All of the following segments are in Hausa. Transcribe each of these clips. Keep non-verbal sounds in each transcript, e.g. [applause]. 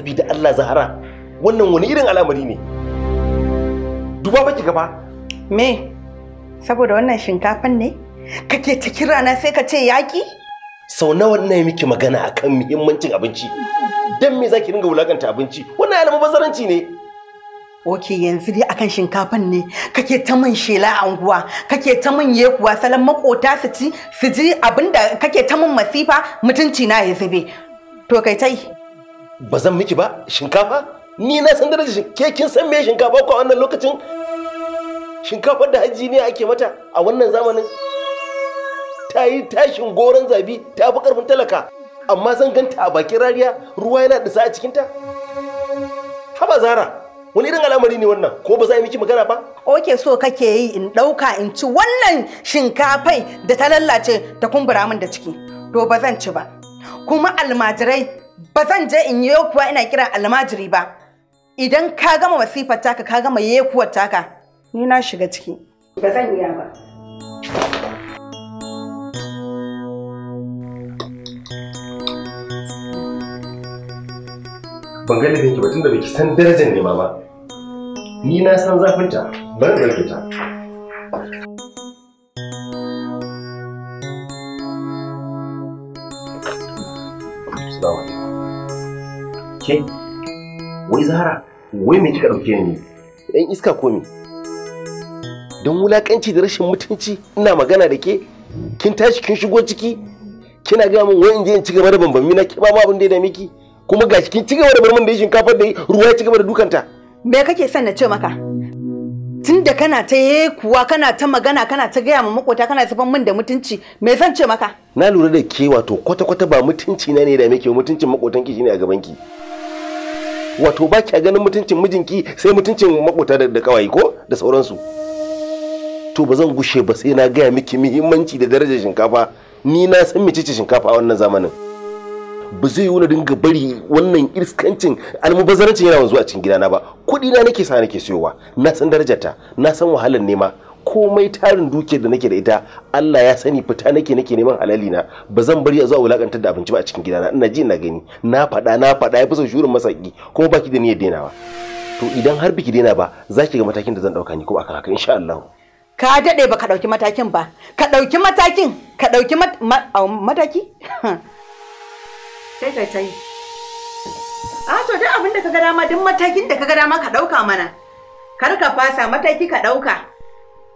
saboda Allah Zahara wannan wani irin al'amari ne duba baki gaba me saboda wannan shinkafan ne kake ta kira na sai ka ce yaki sau nawa ina yi miki magana akan muhimmancin abinci dan me zaki dinga wulakanta abinci wannan yana mabazaranci ne Ok yanzu dai akan shinkafan ne kake ta man shela a unguwa kake ta man yekuwa salon makota su ci su ji abinda kake ta man masifa mutunci na ya zube to kai tai ba zan miki ba shinkafa ni na san darajar ke kin san me shinkafa ko a wannan lokacin shinkafar da hajji ne ake mata a wannan zamanin ta yi tashin goron zabi ta fi karfin talaka amma zan ganta a bakin rariya ruwa yana disa a cikinta haba zara wani irin al'amari ne wannan ko ba za yi miki magana ba oke so kake yi in ɗauka in ci wannan shinkafai da ta lallace ta kumbura min da ciki to ba zan ci ba kuma almajirai ba zan je in yi kuwa ina kira almajiri ba idan ka gama wasifar taka ka gama yekuwar taka ni na shiga ciki ba zan iya ba ban gani da yake batun da baki san darajar nema ba ni na san zafinta bari ɗauke ta ke wai zahara wai me kika ɗauke ni dan iska ko me don wulaƙanci da rashin mutunci ina magana da ke kin tashi kin shigo ciki kina ga min wai in je in ci gaba da bambami na kiba ma abin da ya dame ki kuma gashi kin ci gaba da barmin da shinkafar da ruwa ya ci gaba da dukanta me kake son na ce maka tunda kana ta ye kuwa kana ta magana kana ta gaya ma makota kana tafan min da mutunci me zan ce maka na lura da ke wato kwata-kwata ba mutunci na ne da muke mutuncin makotanki shine a gaban ki wato ba kya ganin mutuncin mijinki sai mutuncin makota da kawai ko da sauransu to ba zan gushe ba sai na gaya miki muhimmanci da darajar shinkafa ni na san mecece shinkafa a wannan zamanin ba zai yi wani dinga bari wannan iskancin almubazarancin yana wanzu a cikin gidana ba kuɗi na nake sa nake siyowa na san darajarta na san wahalar nema komai tarin duke da nake da ita Allah ya sani fita nake nake neman halali na ba zan bari a wulakantar da abinci ba a cikin gidana ina ji ina gani na faɗa na faɗa ya fi sau shurin masaki kuma baki da niyyar dainawa to idan har biki daina ba za ki ga matakin da zan ɗauka ni kuma akan haka insha Allah ka daɗe ba ka ɗauki matakin ba ka ɗauki matakin ka ɗauki mataki [laughs] sai ka ta a to duk abin da ka ga dama duk matakin da ka ga dama ka ɗauka mana kar ka fasa mataki ka ɗauka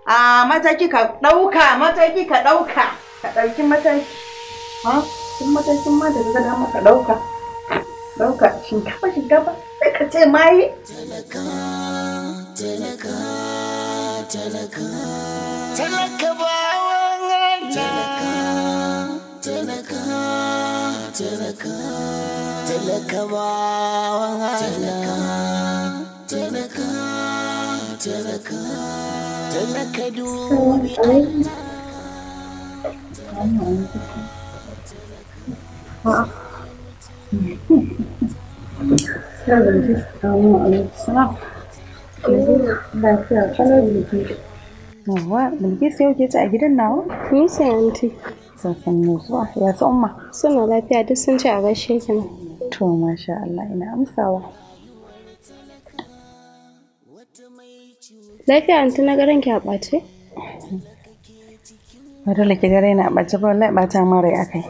a mataki ka ɗauka mataki ka ɗauka ka ɗauki mataki ha sun matakin ma da zaga dama ka ɗauka ɗauka shinkafa shinkafa sai ka ce mai talaka talaka talaka talaka ba bawan talaka talaka talaka talaka ba bawan talaka talaka talaka talaka dubi Yawwa, Bilkisu yau ke ci a gidan nawa? Ni ce anti. Sassan ne zuwa, ya su umma? Suna lafiya duk sun ci a gaishe kina. To, masha Allah, ina amsawa. Lafiya anti na garin ki a ɓace? Ba dole ki gare na ɓace ba wallahi ɓata mara ya kai.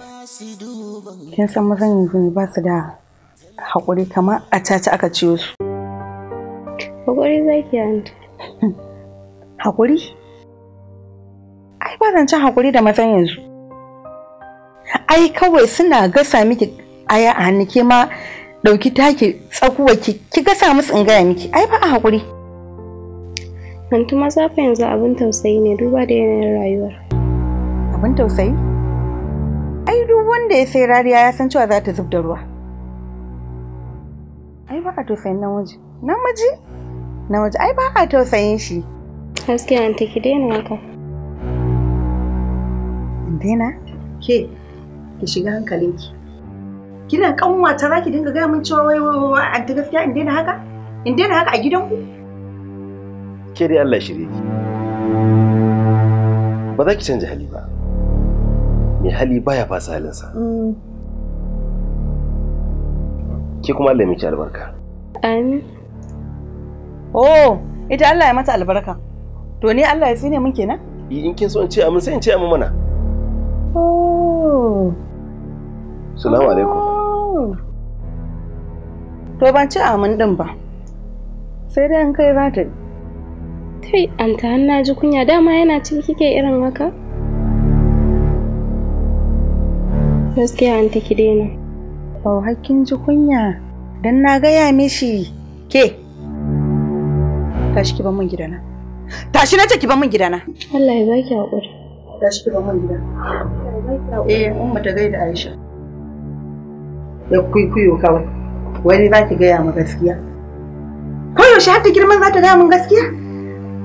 Kin san mazan yanzu ba su da haƙuri kamar a caca aka ciyo su. Haƙuri zai ki anti. [laughs] Haƙuri? Ai ba zan ci haƙuri da mazan yanzu. Ai kawai suna gasa miki aya a hannu ke ma ɗauki take tsakuwa ki gasa musu in gaya miki ai ba a haƙuri. Anti maza fa yanzu abin tausayi ne duba da yanayin rayuwar. Abin tausayi? Ai duk wanda ya sai rariya ya san cewa za ta zub da ruwa. Ai ba ka tausayin namiji. Namiji? Namiji ai ba ka tausayin shi. Gaskiya anti ki daina haka. Daina? Ke ki shiga hankalinki. Kina kanwata za ki dinga gaya min cewa wai wai wai anti gaskiya in daina haka? In daina haka a gidanku? ke dai Allah shirye ki ba za ki canja hali ba mai hali baya fasa halinsa mm. ke kuma Allah ya miki albarka amin oh ita Allah ya mata albarka to ni Allah ya tsine min kenan in kin so in ce amin sai in ce amin mana oh salamu alaikum oh. to ban ci amin din ba sai dai in kai za ta yi Kai, anta har na ji kunya dama yana ciki kike irin haka? Gaskiya anta ki daina. Au hakkin ji kunya dan na gaya mishi ke. Tashi ki ban min gidana. Tashi na ce ki ban min gidana. Allah ya baki hakuri. Tashi ki ban min gidana. Eh, umma ta gaida Aisha. Ya kuikuyo kawai. Wani za ki gaya mu gaskiya. Koyaushe har ta girman za ta gaya mun gaskiya?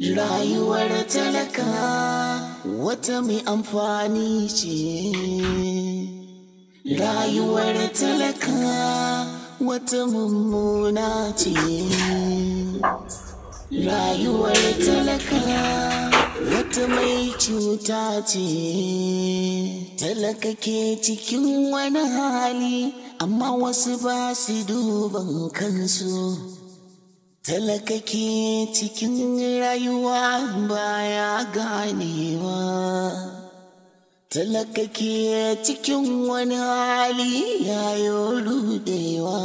Rayuwar talaka wata mai amfani ce. Rayuwar talaka wata mummuna ce. Rayuwar talaka wata mai cuta ce. Talaka ke cikin wani hali amma wasu ba su duban kansu. Talakaki cikin rayuwa baya ganewa. talakaki cikin wani hali yayo rudewa.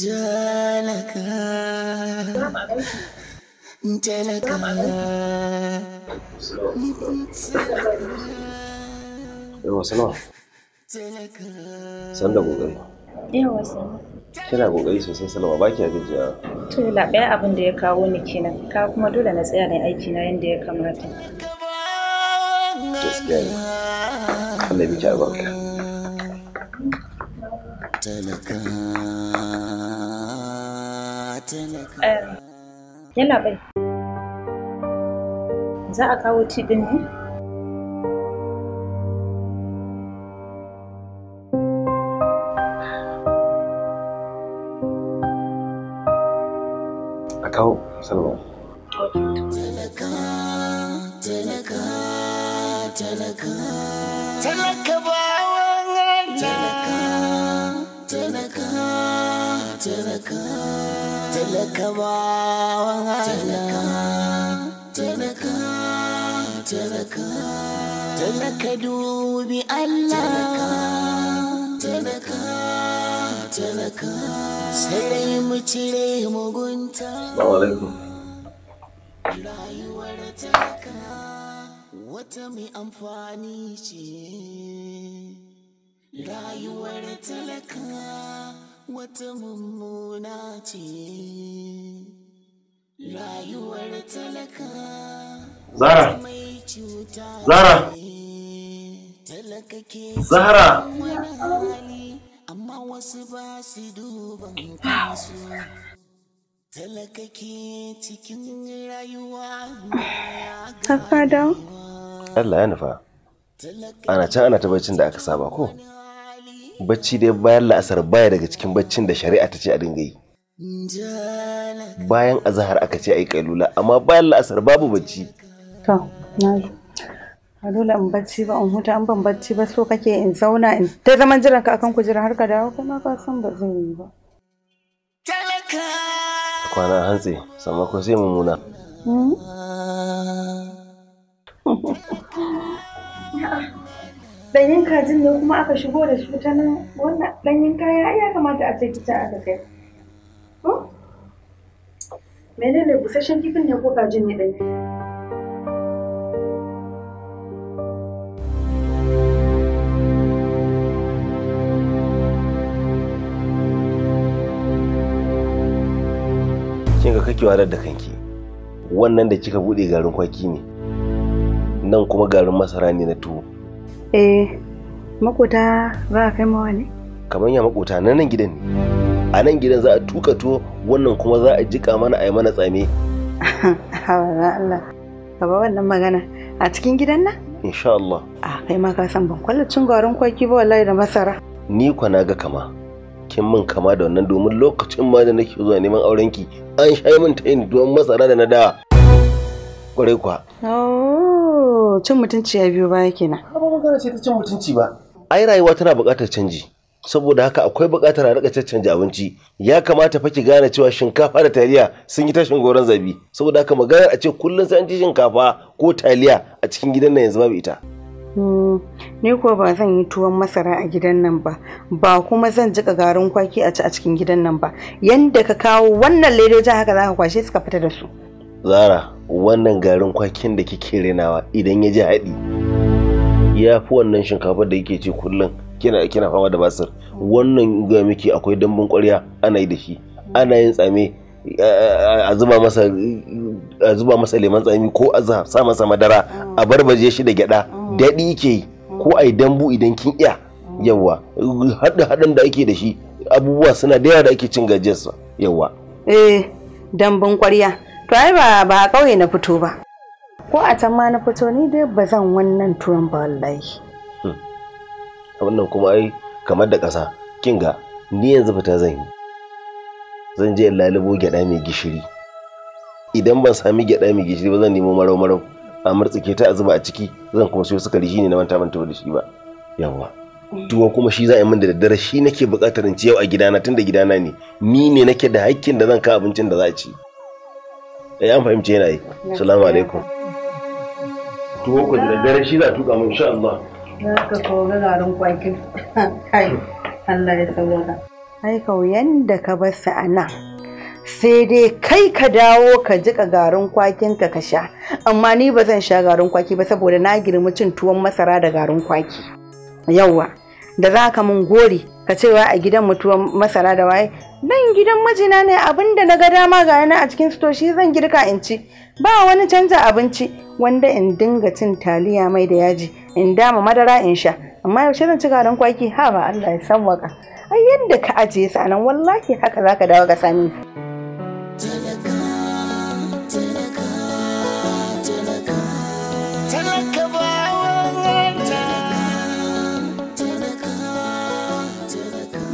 Jalaka. Jalaka. Jalaka. Jalaka. Jalaka. Jalaka. Jalaka. Jalaka. Kina kokari sosai Salma ba a gajiya. To labai abin da ya kawo ni kenan ka kuma dole na tsaya da aiki na yanda ya kamata. Gaskiya ne. Eh, bai. Za a kawo ti din ne? kawo salwa talaka bawan Allah talaka talaka talaka bawan Allah talaka talaka talaka dubi Allah talaka talaka talaka sai dai mu cire mugunta rayuwar talaka wata mai amfani ce rayuwar talaka wata mummuna ce rayuwar talaka zara zara zara amma wasu ba su duban kansu talakake cikin rayuwa ya gada Allah ya nufa ana can ana ta baccin da aka saba ko bacci dai bayan la'asar baya daga cikin baccin da shari'a ta ce a dinga yi bayan azahar aka ce a yi kailula amma bayan la'asar babu bacci to na a dole in bacci ba in huta in ban bacci ba so kake in zauna in ta zaman jiran ka akan kujera har ka dawo kuma ka san ba zan yi ba kwana hantsi sama ko sai mummuna hmm? [laughs] ɗanyen kajin ne kuma aka shigo da shi ta nan wannan ɗanyen kaya ya kamata a ce kita aka kai hmm? menene busasshen kifin ne ko kajin ne danyen kin ga kake warar da kanki wannan da kika bude garin kwaki ne nan kuma garin masara ne na tuwo eh makota za a kai mawa ne kamar ya makota na nan gidan ne a nan gidan za a tuka tuwo wannan kuma za a jika mana a yi mana tsame [laughs] Allah ba wannan magana a cikin gidan nan insha Allah a kai ma ka san ban kwalla cin garin kwaki ba wallahi da masara ni kwa na ga kama kin min kama da wannan domin lokacin ma da nake zuwa neman auren ki an shayi min ta yin duwan masara da na da kwarai kuwa oh, cin mutunci ya biyo baya kenan ba magana ce ta cin mutunci ba ai rayuwa tana buƙatar canji saboda haka akwai buƙatar a rika caccanja abinci ya kamata fa ki gane cewa shinkafa da taliya sun yi tashin goron zabi saboda haka maganar a ce kullum sai an ci shinkafa ko taliya a cikin gidan nan yanzu babu ita Hmm, ni ko ba zan yi tuwon masara a gidan nan ba ba kuma zan jika garin kwaki a ci a cikin gidan nan ba yanda ka kawo wannan ledoji haka za ka kwashe suka fita da su zara wannan garin kwakin da kike renawa idan ya ji haɗi ya fi wannan shinkafar da yake ci kullum kina kina fama da basir wannan ga miki akwai dambun ƙwarya ana yi da shi ana yin tsame a zuba masa a zuba masa leman tsami ko a sa masa madara a barbaje shi da gyada daɗi yake yi ko ai dambu idan kin iya yawa haɗa haɗan da ake da shi abubuwa suna da yawa da ake cin gajiyarsa yawa eh dambun ƙwarya to ai ba ba kauye na fito ba ko a can ma na fito ni dai ba zan wannan turan ba wallahi hmm. wannan kuma ai kamar da ƙasa kin ga ni yanzu fita zan yi zan je in lalubo gyaɗa mai gishiri idan ban sami gyaɗa mai gishiri ba zan nemo marau marau a murtsike ta a zuba a ciki zan kuma siyo sukari shine na manta manta da shi ba yawa tuwo kuma shi za a yi min da daddare shi nake buƙatar in ci yau a gidana tunda gidana ne ni ne nake da hakkin da zan ka abincin da za a ci eh an fahimce yana yi assalamu alaikum tuwo ku da daddare shi za a tuka min insha Allah ka ko garin kwakin [laughs] kai Allah ya sauka ai kau yanda ka bar sa anan sai dai kai ka dawo ka jiƙa garin kwakin ka ka sha amma ni ba zan sha garin kwaki ba saboda na girma cin tuwon masara da garin kwaki yawwa da za ka mun gori ka cewa a gidan mutuwan masara da waye nan gidan majina ne abin da na ga dama ga yana a cikin sito shi zan girka in ci ba wani canza abinci wanda in dinga cin taliya mai da yaji in dama madara in sha amma yaushe zan ci garin kwaki ha ba Allah ya san waka ai yadda ka ajiye sanan wallahi haka zaka dawo ka sami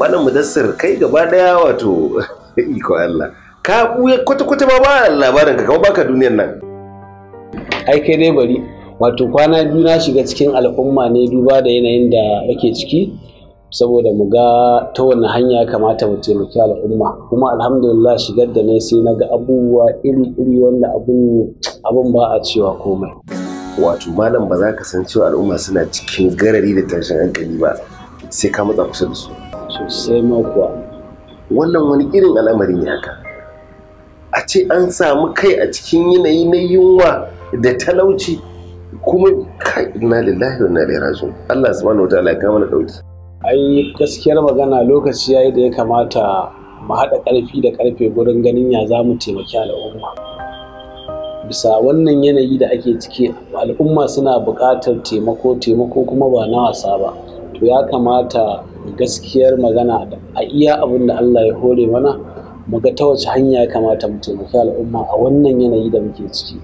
malam mudassir kai gaba daya wato [laughs] iko Allah ka buya kwata kwata ba ba labarin ka kuma baka duniyar nan ai kai dai bari wato kwana biyu na shiga cikin al'umma ne duba da yanayin da yake ciki saboda mu ga ta wani hanya kamata mu taimaki al'umma kuma alhamdulillah shigar da ne sai na ga abubuwa iri iri wanda abun ba a cewa komai wato malam ba za ka san cewa al'umma suna cikin garari da tashin hankali ba sai ka matsa kusa da su sosai ma kuwa wannan wani irin al'amari ne haka a ce an samu kai a cikin yanayi na yunwa da talauci kuma kai na lillahi wa na ilaihi Allah subhanahu wataala ya kama da dauki ai gaskiyar magana lokaci yayi da ya kamata mu haɗa ƙarfi da ƙarfe gurin ganin ya za mu taimaki al'umma bisa wannan yanayi da ake ciki al'umma suna buƙatar taimako taimako kuma ba na wasa ba to ya kamata gaskiyar magana a iya abin da Allah ya hore mana muga ta wace hanya ya kamata mu taimaki al'umma a wannan yanayi da muke ciki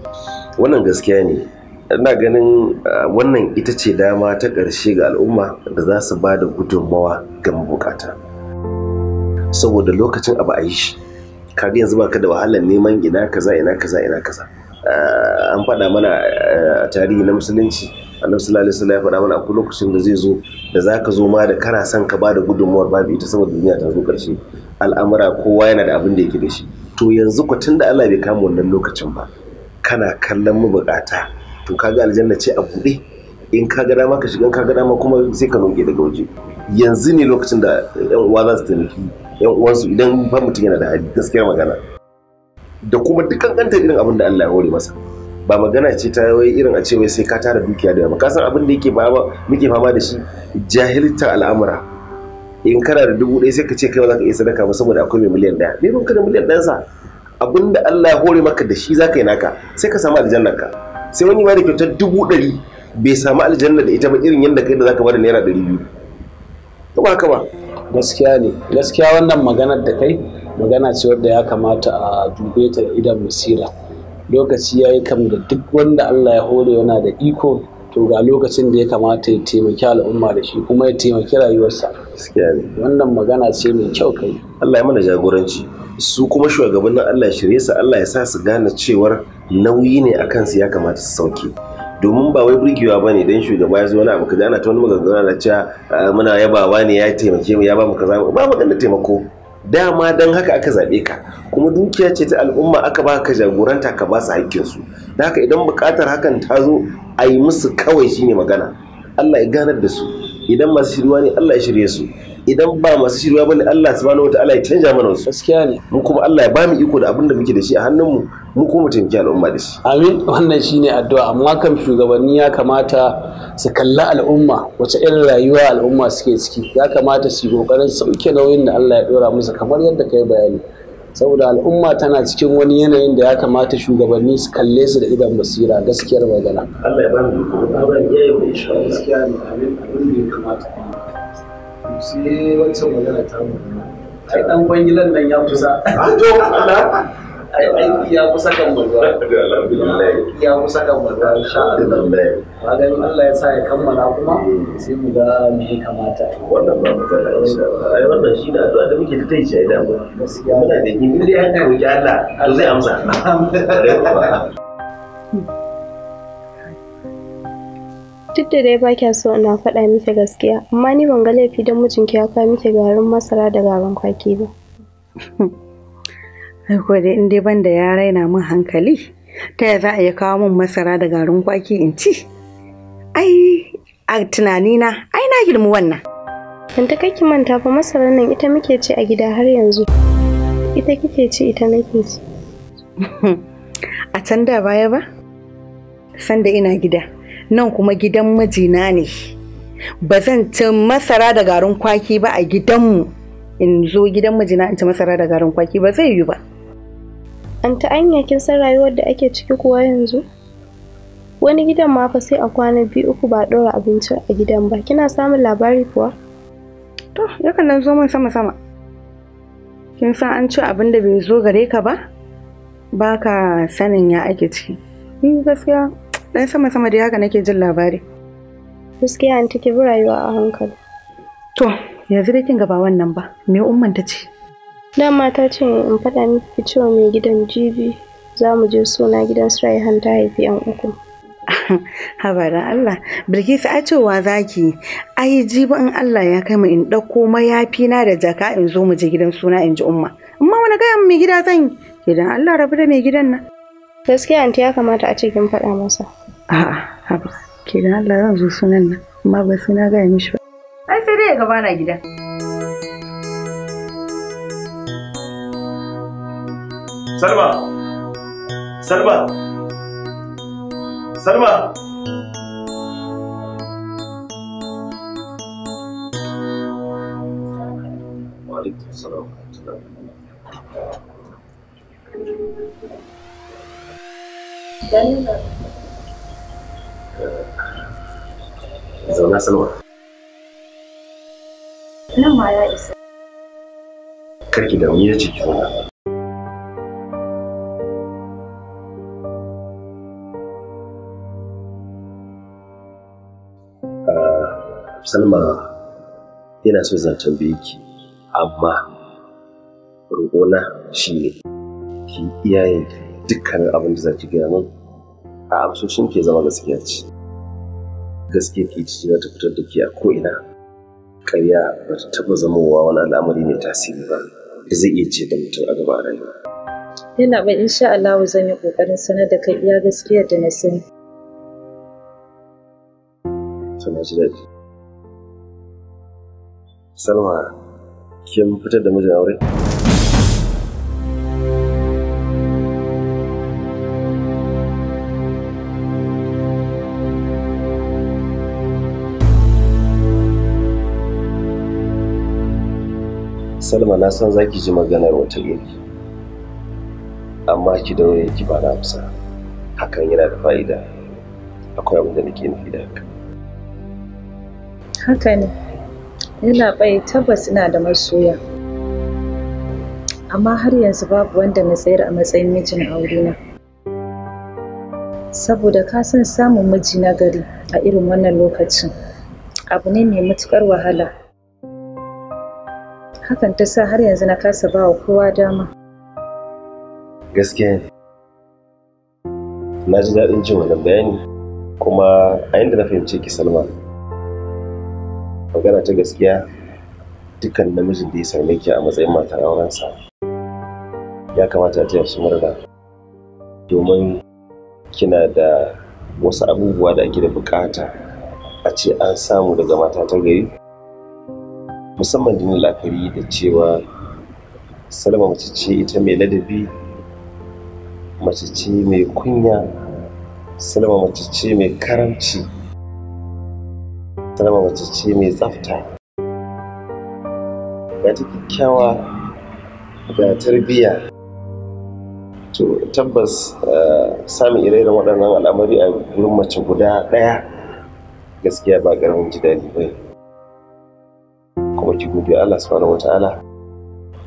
wannan gaskiya ne ina ganin wannan ita ce dama ta ƙarshe ga al'umma da za su ba da gudunmawa ga mabukata saboda lokacin abu a yi shi kaga yanzu baka da wahalar neman ina kaza ina kaza ina kaza an faɗa mana a tarihi na musulunci annabi sallallahu alaihi wasallam ya faɗa mana akwai lokacin da zai zo da zaka zo ma da kana son ka bada gudunmuwar babu ita saboda duniya ta zo karshe al'amura kowa yana da abin da yake da shi to yanzu ku tunda Allah bai kama wannan lokacin ba kana kallon mabukata to kaga aljanna ce a buɗe in ka ga dama ka shiga ka ga dama kuma sai ka noge daga waje yanzu ne lokacin da yan uwa za su taimaki yan uwansu idan ba mutum yana da hali gaskiyar magana da kuma dukkan kanta irin abin da Allah ya hore masa ba magana ce ta wai irin a ce wai sai ka tara dukiya da yawa ka san abin da yake muke fama da shi jahilta al'amura in kana da dubu ɗaya sai ka ce kai ba za ka iya sadaka ba saboda akwai mai miliyan ɗaya ne ka da miliyan ɗayan sa abin da Allah ya hore maka da shi za ka yi naka sai ka samu aljannar ka sai wani ma da kyautar dubu ɗari bai samu aljanna da ita ba irin yadda kai da za ka bada naira ɗari biyu to ba haka ba gaskiya ne gaskiya wannan maganar da kai magana ce wadda ya kamata a dube ta idan musira lokaci ya yi kam da duk wanda Allah ya hore yana da iko to ga lokacin da ya kamata ya taimaki al'umma da shi kuma ya taimaki rayuwarsa wannan magana ce mai kyau kai Allah ya mana jagoranci su kuma shugabannin Allah shirye su Allah ya sa su gane cewar nauyi ne a kansu ya kamata su sauke domin ba wai burgewa ba ne don shugaba ya zo wani abu kaza ana ta wani magagana na cewa ah, muna yabawa ne ya taimake mu ya ba mu kaza ba mu magana taimako dama don haka aka zaɓe ka kuma dukiya ce ta al'umma aka ba ka jagoranta ka ba su haƙƙinsu da haka idan buƙatar hakan ta zo a yi musu kawai shine magana allah ya ganar da su idan masu shirwa ne allah ya shirye su idan ba masu shirya bane Allah subhanahu wataala ya canja mana wasu gaskiya ne mu kuma Allah ya bamu iko da abin da muke da shi a hannun mu mu kuma mu taimaki al'umma da shi amin wannan shine addu'a amma kan shugabanni ya kamata su kalla al'umma wace irin rayuwa al'umma suke ciki ya kamata su yi kokarin sauke nauyin da Allah ya dora musu kamar yadda kai bayani saboda al'umma tana cikin wani yanayin da ya kamata shugabanni su kalle su da idan basira gaskiyar magana Allah ya bamu mu iko ba ya yi insha Allah gaskiya ne abin da ya kamata sai wancan magana ta mu ai dan kwangilan nan ya kusa to Allah [laughs] ai ya kusa kan mulwa ya kusa kan mulwa insha Allah Allah ya sa ya kammala kuma hmm. sai mu ga me ya kamata wannan ba magana insha Allah ai wannan shi da addu'a da muke ta yi shi da mu muna da kin dai haka roki Allah to zai amsa [laughs] duk da dai ba kya so ina faɗa miki gaskiya amma ni ban ga laifi don mijinki ya kawo miki garin masara da garin kwaki ba [laughs] ko dai in dai ban da ya raina min hankali ta ya za a yi kawo min masara da garin kwaki in ci ai a tunanina ai na girmi wannan ban ta kai ki manta fa masarar nan ita muke ci a gida har yanzu ita kike ci ita nake ci [laughs] a can da baya ba sanda ina gida nan kuma gidan majina ne ba zan ci masara da garin kwaki ba a gidanmu in zo gidan majina in ci masara da garin kwaki ba zai yi ba an ta anya kin san rayuwar da ake ciki kuwa yanzu wani gidan ma fa sai a kwana biyu uku ba ɗora abinci a gidan ba kina samun labari kuwa to yakan nan zo min sama sama kin san an ci abin da bai zo gare ka ba baka sanin ya ake ciki ni gaskiya dan sama sama da haka nake jin labari gaskiya an take bi rayuwa a hankali to yanzu da kin ga ba wannan ba me umman ta ce dama ta ce in faɗa miki cewa mai gidan jibi za mu je suna gidan su raihan ta haifi yan uku [laughs] habarin Allah Bilkisu a cewa zaki ai jibi in Allah ya kai mu in ɗauko mayafi na da jaka in zo mu je gidan suna in ji umma amma wani gaya mai gida zan yi idan Allah rabu da mai gidan nan Gaskiya anti ya kamata a ce kin faɗa masa. A'a, haba. Ke da Allah zan zo sunan nan, amma ba sai na gaya mishi ba. Ai sai dai ya gabana gida. Salma! Salma! Salma! Wa alaikum salam. dan zauna salwa nan ma ya isa karki da ya ce ki zauna ah, salma yana so zan tambaye ki amma roƙona shi ne ki iyayen dukkanin abin da za ki gaya min a amsoshin ke zama gaskiya ce gaskiya ke ci za ta fitar da ke a ko'ina karya ba ta taɓa zamowa wani al'amari mai tasiri ba da zai iya ce da mutum a gaba rayuwa. yana ba insha Allah zan yi ƙoƙarin sanar da kai iya gaskiyar da na sani. Tana ji daɗi. Salma, kin fitar da mijin aure? salma na san za ki ji maganar wata iri amma ki daure ki ba na amsa hakan yana da fa'ida akwai abin da nake nufi da haka haka ne yana bai tabbas ina da masoya amma har yanzu babu wanda na tsayar a matsayin mijin na. saboda ka san samun miji na gari a irin wannan lokacin abu ne mai matuƙar wahala hakan ta sa har yanzu na kasa ba wa kowa dama gaskiya na ji daɗin jin wannan bayani kuma a yadda na fahimce ki salma magana ta gaskiya dukkan namijin da ya same ki a matsayin matar aurensa ya kamata ta yarsu murna domin kina da wasu abubuwa da ake da bukata a ce an samu daga mata ta gari musamman da lafari da cewa salama mace ce ita mai ladabi mace ce mai kunya salama mace ce mai karamci salama mace ce mai tsafta ga ta kyakkyawa ga tarbiyya to tabbas eh, samun ire waɗannan al'amari a gurin mace guda ɗaya gaskiya ba ƙaramin ji daɗi ba kuma ki gobe, Allah subhanahu wataala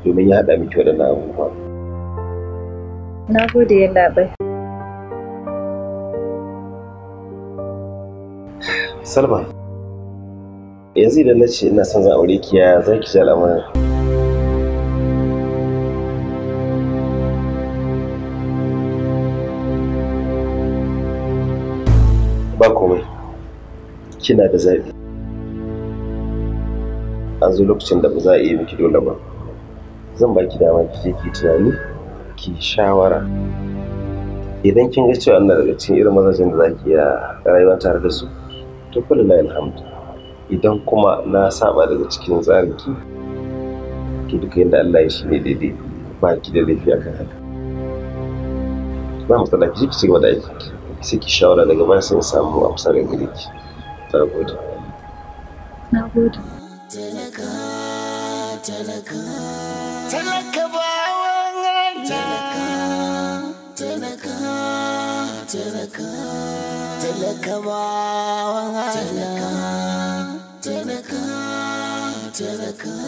domin ya haɗa miki waɗannan abubuwa. Na gode ya labai. Salma, yanzu idan na ce ina son za aure ki ya za ki ji Ba komai, kina da zaɓi. a zo lokacin da ba za a iya miki dole ba zan baki dama ki je ki tunani ki shawara idan kin ga cewa ina daga cikin irin mazajen da za ki iya rayuwa tare da su to kullu na alhamdu idan kuma na saba daga cikin tsarin ki to duka yadda Allah ya shi ne daidai ba ki da laifi kan haka ba tsada ki ki cigaba da aiki sai ki shawara daga baya sai samu amsa daga gare na gode na gode talaka talaka bawan Allah talaka talaka talaka bawan talaka talaka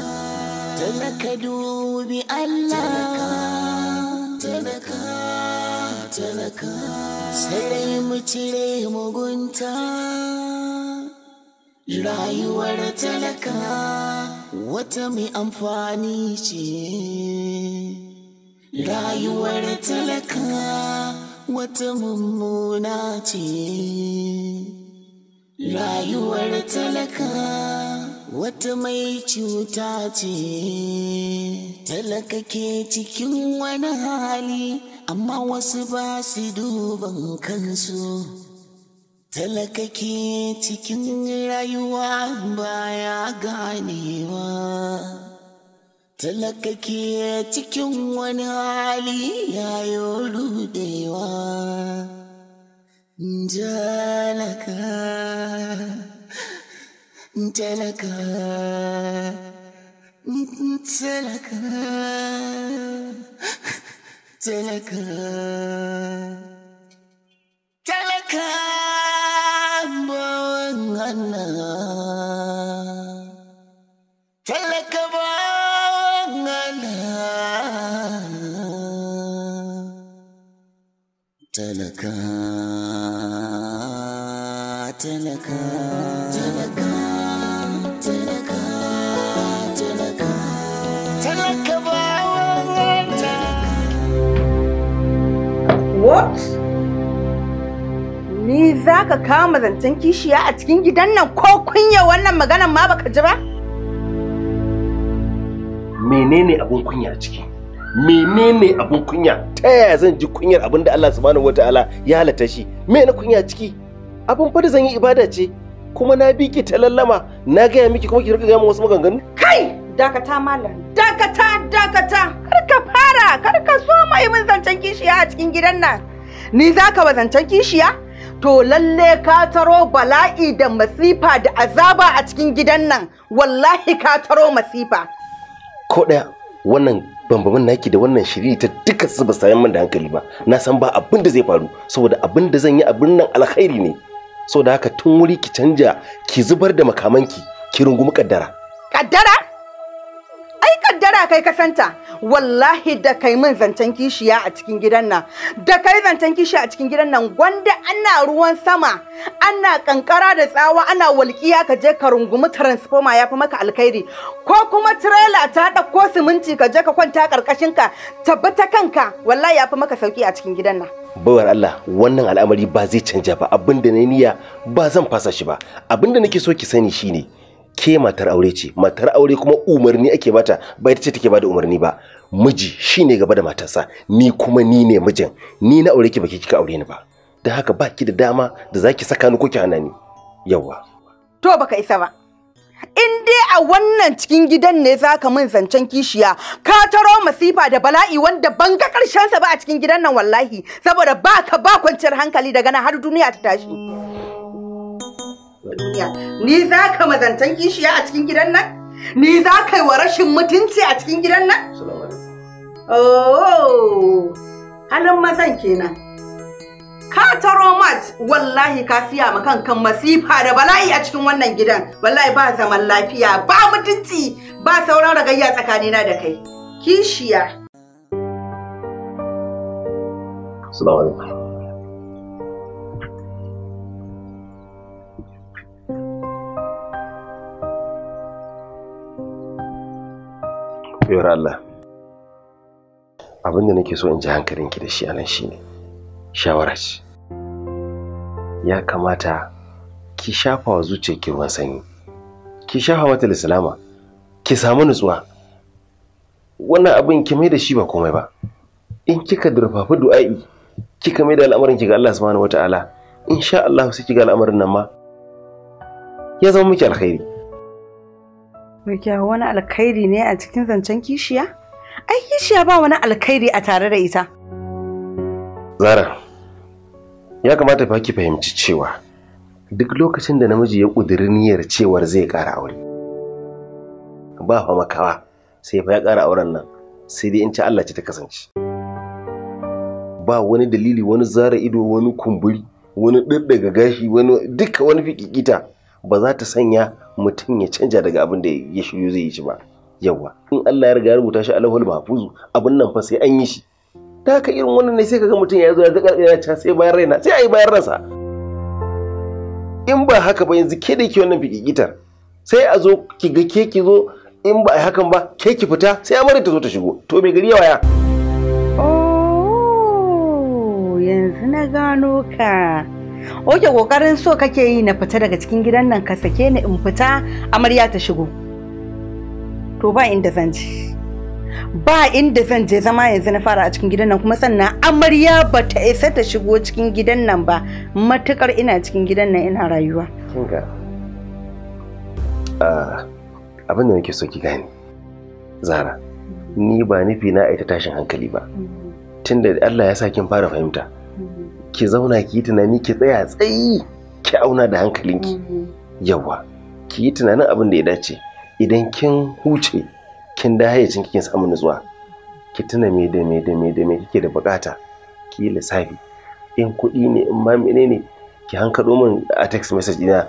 talaka dubi Allah talaka talaka sai mu cire mugunta rayuwar talaka wata mai amfani ce rayuwar talaka wata mummuna ce rayuwar talaka wata mai cuta ce talaka ke cikin wani hali amma wasu ba su duban kansu Talakake cikin rayuwa baya ganewa. Talakake cikin wani hali yayo rudewa. Jalaka, talaka, talaka, talaka, talaka. talaka talaka talaka talaka talaka what Ni za ka kama zancen kishiya a cikin gidan nan ko kunya wannan maganan ma baka ji ba? Menene abun kunya a ciki? Menene abun kunya? Ta yaya zan ji kunyar abin da Allah subhanahu wataala ya halatta shi? Menene kunya a ciki? Abin fa da zan yi ibada ce kuma na bi ki ta lallama na gaya miki kuma ki rika gaya wasu maganganu? Kai! Dakata malam, dakata, dakata, kar ka fara, kar ka so mai mun zancen kishiya a cikin gidan nan. Ni za ka wa zancen kishiya? to lalle ka taro bala'i da masifa da azaba a cikin gidan nan wallahi ka taro masifa ko ɗaya wannan bambamin naki da wannan shiri ta duka su ba sayan min da hankali ba na san ba abin da zai faru saboda abin da zan yi abin nan alkhairi ne saboda haka tun wuri ki canja ki zubar da makamanki ki rungumi kaddara kaddara ai kaddara kai ka santa wallahi da kai min zancen kishiya a cikin gidan nan da kai zancen kishiya a cikin gidan nan gwanda ana ruwan sama ana kankara da tsawa ana walƙiya ka je ka rungumi transformer yafi maka alkhairi ko kuma trailer ta ɗauko siminti ka je ka kwanta karkashin ka tabbata kanka wallahi yafi maka sauki a cikin gidan nan bawar Allah wannan al'amari ba zai canja ba abinda na niyya ba zan fasa shi ba abinda nake so ki sani shine ke matar aure ce matar aure kuma umarni ake bata ba ita ce take bada umarni ba miji shine gaba da matarsa ni kuma ni ne mijin ni na aure ki baki kika aure ni ba da haka baki da dama da zaki saka ni kuke hana ni yawa to baka isa ba in dai a wannan cikin gidan ne zaka mun zancen kishiya ka taro masifa da bala'i wanda ban ga karshen sa ba a cikin gidan nan wallahi saboda baka ba kwanciyar hankali daga nan har duniya ta tashi duniya ni za ka mazantan kishiya a cikin gidan nan ni za ka yi wa rashin mutunci a cikin gidan nan oh halin mazan kenan ka taro mat wallahi ka siya ma kankan masifa da bala'i a cikin wannan gidan wallahi ba zaman lafiya ba mutunci ba sauran ragayya tsakanina da kai kishiya Assalamu alaikum. Yawar Allah. Abinda da nake so in ji hankalinki da shi a nan shine shawara ce. Ya kamata ki shafa wa zuciyarki ruwan sanyi. Ki shafa mata lissalama. Ki samu nutsuwa. Wannan abin ki mai da shi ba komai ba. In kika durfafi du'a'i kika mai da al'amarin ki ga Allah subhanahu wata'ala insha Allah sai ki ga al'amarin nan ma ya zama miki alkhairi. Wai wani alkhairi ne a cikin zancen kishiya? Ai kishiya ba wani alkhairi a tare da ita. Zara, ya kamata fa ki fahimci cewa duk lokacin da namiji ya ƙudiri niyyar cewar zai ƙara aure. Ba fa makawa sai fa ya ƙara auren nan sai dai in ci Allah ci ta kasance. Ba wani dalili wani zara ido wani kumburi wani ɗaɗɗaga gashi wani duka wani fiƙiƙita ba za ta sanya mutum ya canja daga abin da ya shiryo zai yi shi ba yawa in Allah ya riga ya rubuta shi a lahul mahfuzu abin nan fa sai an yi shi ta haka irin wannan ne sai kaga mutum ya zo ya zaka ya ta sai bayar raina sai ayi bayar ransa in ba haka ba yanzu ke da ke wannan fikigitar sai a zo ki ga ke ki zo in ba ai hakan ba ke ki fita sai amare ta zo ta shigo to me gari yawa ya oh, yanzu na gano ka oke kokarin so kake yi na fita daga cikin gidan nan ka sake ni in fita amarya ta shigo to ba inda zan je ba inda zan je zama yanzu na fara a cikin gidan nan kuma sannan amarya ba ta isa ta shigo cikin gidan nan ba matukar ina cikin gidan nan ina rayuwa kinga ah, abin da nake so ki gane zara ni ba nufi na aita tashin hankali ba mm. tunda Allah ya sa kin fara fahimta ki zauna ki yi tunani ki tsaya tsayi ki auna da hankalinki mm-hmm. yawa ki yi tunanin abin da ya dace idan kin huce kin cin kin samu nutsuwa ki tuna me da me da me da me kike da bukata ki yi lissafi in kuɗi ne in ma menene ki hankalo min a text message ina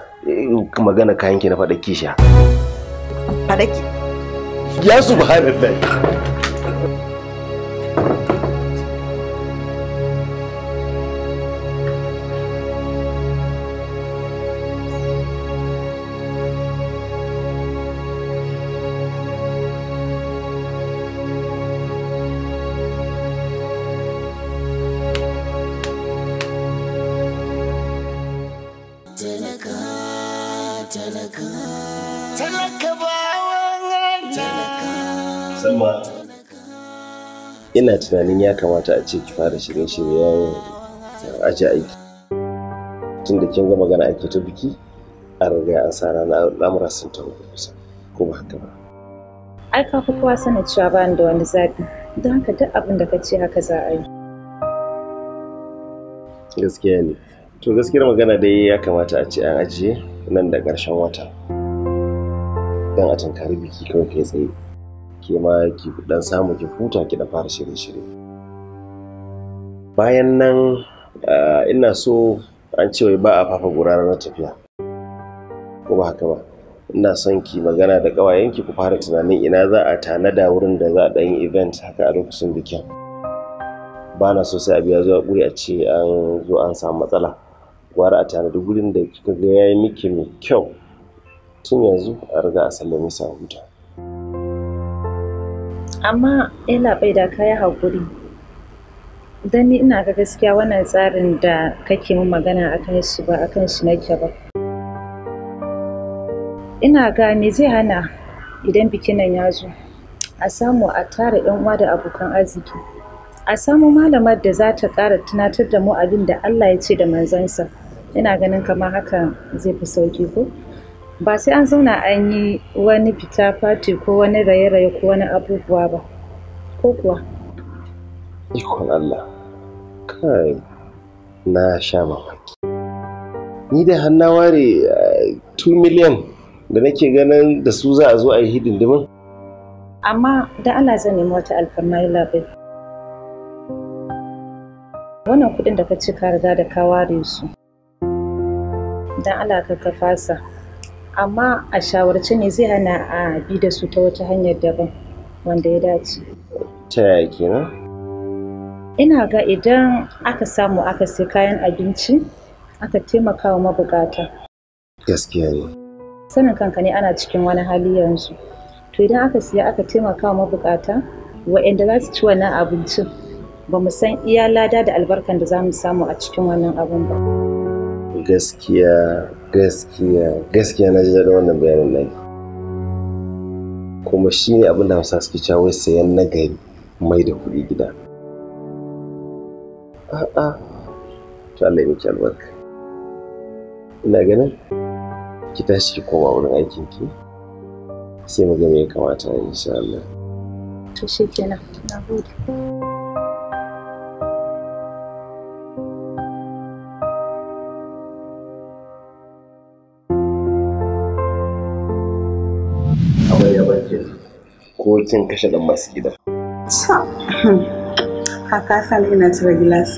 magana kayan ki na faɗa kisha faɗa ki ya subhanallah ina tunanin ya kamata a ce ki fara shirye-shiryen aji aiki tun da kin ga magana ake ta biki a riga an sa rana lamura sun taho kusa ko ba haka ba ai ka fi kowa sana cewa ba da wani zaɓi don haka duk abin da ka ce haka za a yi gaskiya ne to gaskiyar magana dai ya kamata a ce an ajiye nan da ƙarshen wata don a tunkari biki kawai kai tsaye ke ma ki dan samu ki huta ki da fara shirye-shirye bayan nan ah, ina so an ce ba a fafa gurara na tafiya ko ba haka ba ina son ki magana da ki ku fara tunanin ina za a tanada wurin da za a ɗan yi event haka a lokacin bikin ba na so sai a biya zuwa ƙuri a ce an zo an samu matsala gwara a tanadi gurin da kika ga ya yi miki mai kyau tun yanzu a riga a sallame sa huta amma bai da kayan haƙuri don ni ina ga gaskiya wannan tsarin da kake min magana a kan shi ba a kan shi nake ba ina ga zai hana idan bikin nan ya zo a samu a tara yan uwa da abokan arziki a samu malamar da za ta ƙara tunatar da mu abin da Allah ya ce da manzansa ina ganin kamar haka zai fi sauƙi ko ba sai an zauna an yi wani fita fati ko wani raye-raye ko wani abubuwa ba ko kuwa ikon Allah kai na sha mamaki ni da hanna ware 2 eh, million da nake ganin da su za a zo a yi hidindimin amma da Allah zan nemi wata alfarma labai wannan kudin da ka ci ka riga da ka ware su dan Allah ka ka fasa amma a shawarce ne zai hana a bi da su ta wata hanyar daban wanda ya dace ta yaya kenan ina ga idan aka samu aka sai kayan abinci aka taimaka wa mabukata gaskiya ne sanin kanka ne ana cikin wani hali yanzu to idan aka siya aka taimaka wa mabukata waɗanda za su ci wannan abincin ba mu san iya lada da albarkan da za mu samu a cikin wannan abin ba. gaskiya gaskiya gaskiya na ji da wannan bayanin nan kuma shi ne abin da hausa suke cewa wai sayan gari mai da kuɗi gida a'a to Allah ya miki albarka ina ganin ki tashi ki koma wurin aikin ki sai mu ga me ya kamata insha Allah to shikenan na gode ko kashe ɗan masu gidan hmm. haka san ina cire gilas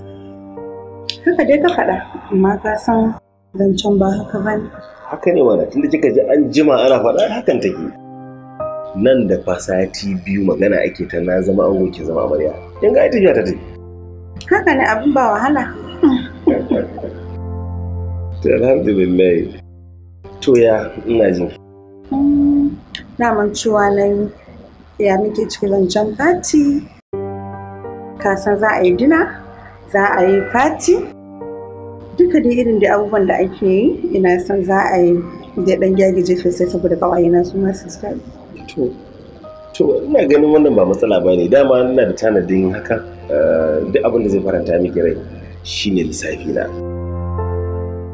haka dai ka faɗa amma ka san zancen ba haka ba haka ne mana tunda kika ji an jima ana faɗa hakan take nan da fasati biyu magana ake ta na zama an ki zama amarya kin ga ita ta tafi haka ne abin ba wahala [laughs] to alhamdulillah to ya ina jin na hmm, mancewa na yi ya muke cikin zancen fati kasan za a yi dina za a yi fati duka dai irin da abubuwan da ake yi ina son za a yi da dan gyagi jefe sai saboda kawai na su masu to to ina ganin wannan ba matsala ba ne dama ina da tanadin haka eh, duk abin da zai faranta miki rai shine lissafi na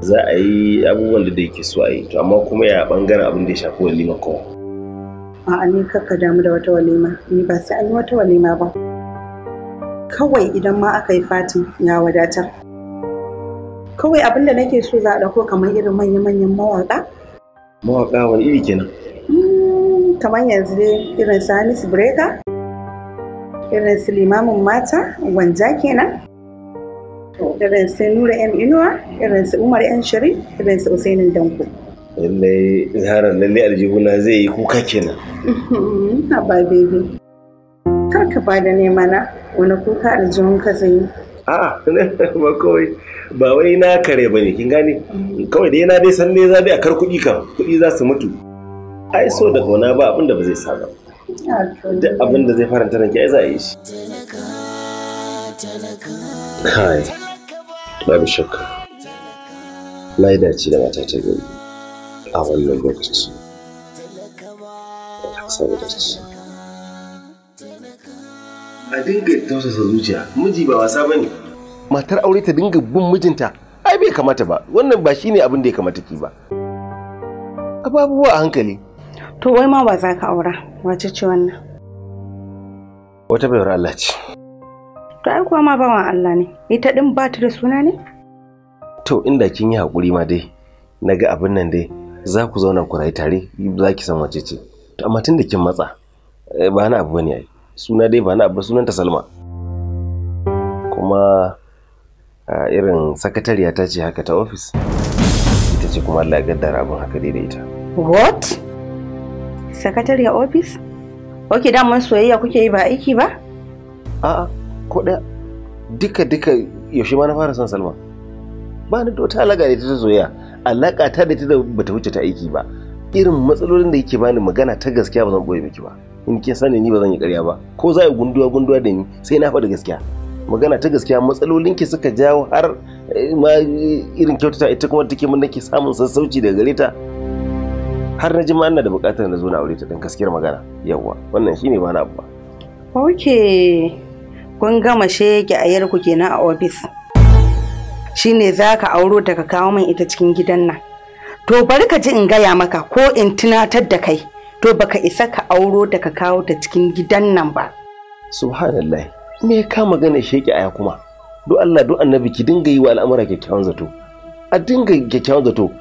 za a yi abubuwan da yake so a yi to amma kuma ya bangaren abin da ya shafi walima kowa a'a ni kakka damu da wata walima ni ba sai an yi wata walima ba kawai idan ma aka yi fatin ya wadatar kawai abin da nake so za a kamar irin manya-manyan mawaƙa mawaƙa wani iri kenan hmm, kamar yanzu dai irin sanis Hamisu Breka, irin su Limamin Mata, wanja kenan, irin su Nura 'yan Inuwa, irin su Umar 'yan shari irin su Usainin Danko. lallai zahara lallai aljihuna zai yi kuka kenan ba baby kar ka bada nema na wani kuka ka zai yi a'a [laughs] ba kawai ba wai na kare bane kin gane kawai dai na dai san dai za dai a kar kuɗi kam kuɗi za su mutu ai so da gona ba abin da ba zai saba ah, duk abin da zai faranta ranki ai za a yi shi kai babu shakka na yi dace da mata ta gobe a wannan lokaci saboda a dinga tausasa zuciya miji ba wasa ne. matar aure ta dinga bin mijinta ai bai kamata ba wannan ba shine abin da ya kamata ki ba ababuwa a hankali to wai ma ba za ka aura wace ce wannan wata bayar Allah ce to ai kuwa ma wa Allah ne ita din ba ta da suna ne to inda kin yi hakuri ma dai naga abin nan dai za ku zauna ku rayu tare za ki san wace ce to amma tun da kin matsa eh, ba na abu bane ai suna dai ba na abu sunan ta Salma kuma a irin sakatariya ta ce haka ta ofis ita ce kuma Allah ya gaddara abin haka dai da ita what sakatariya ofis ok daman soyayya kuke yi ba aiki ba a'a ko ɗaya duka duka yaushe ma na fara son Salma ba ni dota wata da ta soyayya alaka ta da ta da bata wuce ta aiki ba irin matsalolin da yake bani magana ta gaskiya ba zan boye miki ba in kin sani ni ba zan yi ƙarya ba ko za a gunduwa gunduwa da ni sai na faɗi gaskiya magana ta gaskiya matsalolin ki suka jawo har eh, ma eh, irin kyautata ita kuma take mun nake samun sassauci daga gare ta har na ji ma da buƙatar na zo na aure ta dan gaskiyar magana yawa wannan shine ba na abu ba okay kun gama shege a yarku kenan a office shine za ka auro ta ka kawo min ita cikin gidan nan to bari ka ji in gaya maka ko in tunatar da kai to baka isa ka auro ta ka kawo ta cikin gidan nan ba subhanallah me ya kama sheki aya kuma do Allah do annabi ki dinga yi wa al'amura kyakkyawan zato a dinga kyakkyawan zato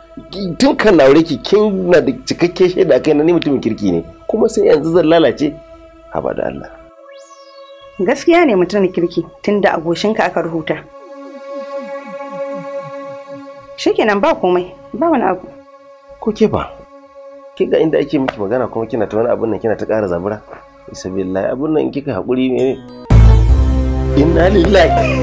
tun kan na ki kin na da cikakken shaida kai na ni mutumin kirki ne kuma sai yanzu zan lalace abada Allah gaskiya ne mutumin kirki tunda agoshinka aka rubuta shikenan ba komai ba wani abu ko ke ba ke ga inda ake miki magana kuma kina ta wani abun nan kina ta ƙara zabura isa abun nan kika haƙuri ne inna lillahi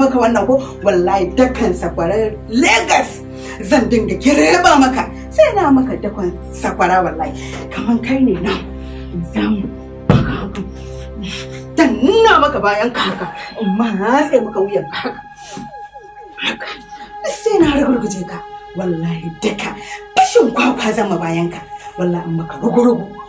maka wannan ko wallahi dakan sakwarar Lagos zan dinga kireba maka sai na maka dakan sakwara wallahi kaman kai ne na zan dan nuna maka bayan ka haka amma ma ratse maka wuyan ka haka sai na rugurguje ka wallahi daka fashin kwakwa zan ma bayan ka wallahi in maka rugurugu